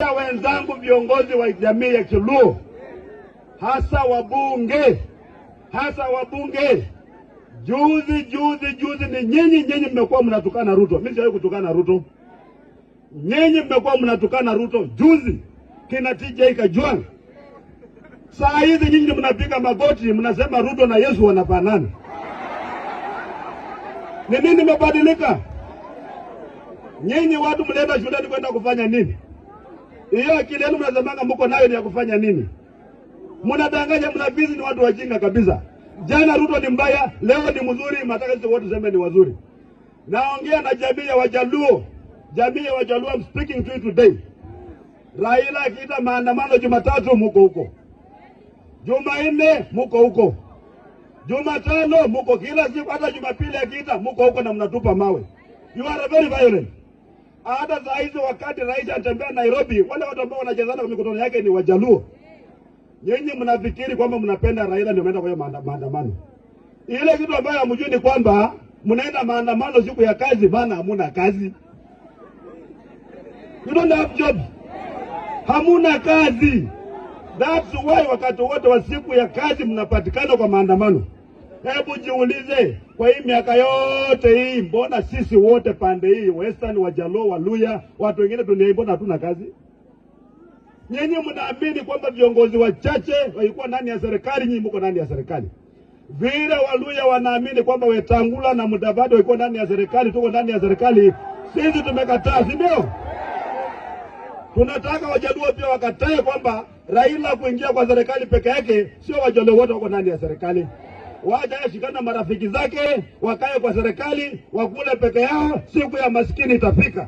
a wenzangu viongozi wa jamii ya Kiluo, hasa wabunge, hasa wabunge. Juzi juzi juzi ni nyinyi nyinyi mmekuwa mnatukana Ruto. Mimi sijawahi kutukana Ruto, nyinyi mmekuwa mnatukana Ruto juzi, kina TJ Kajwang'. Saa hizi nyinyi mnapiga magoti, mnasema Ruto na Yesu wanafanana. Ni nini mebadilika? Nyinyi watu mlienda shuleni kwenda kufanya nini? hiyo akili yenu mnasemanga mko nayo ni ya kufanya nini? Mnadanganya, mnabizi, ni watu wajinga kabisa. Jana Ruto ni mbaya, leo ni mzuri, mataka sisi wote tuseme ni wazuri. Naongea na jamii ya Wajaluo, jamii ya Wajaluo, I'm speaking to you today. Raila akiita maandamano Jumatatu, muko huko. Jumanne muko huko. Jumatano muko kila siku, hata Jumapili akiita muko huko na mnatupa mawe. You are very violent. Hata saa hizi wakati rais atembea Nairobi, wale watu ambao wanachezana kwa mikutano yake ni Wajaluo. Nyinyi mnafikiri kwamba mnapenda Raila ndio mnaenda kwa maandamano. Ile kitu ambayo hamjui ni kwamba mnaenda maandamano siku ya kazi, maana hamuna kazi. You don't have job, hamuna kazi. That's why wakati wote wa siku ya kazi mnapatikana kwa maandamano. Hebu jiulize, kwa hii miaka yote hii, mbona sisi wote pande hii Western, Wajaluo, Waluya, watu wengine dunia, mbona hatuna kazi? Nyinyi mnaamini kwamba viongozi wachache walikuwa ndani ya serikali, nyinyi mko ndani ya serikali. Vile Waluya wanaamini kwamba Wetangula na Mudavadi walikuwa ndani ya serikali, tuko ndani ya serikali. Sisi tumekataa, si ndio? Tunataka Wajaluo pia wakatae kwamba Raila kuingia kwa serikali peke yake, sio Wajaluo wote wako ndani ya serikali waje ashikane na marafiki zake, wakae kwa serikali, wakule peke yao. Siku ya maskini itafika.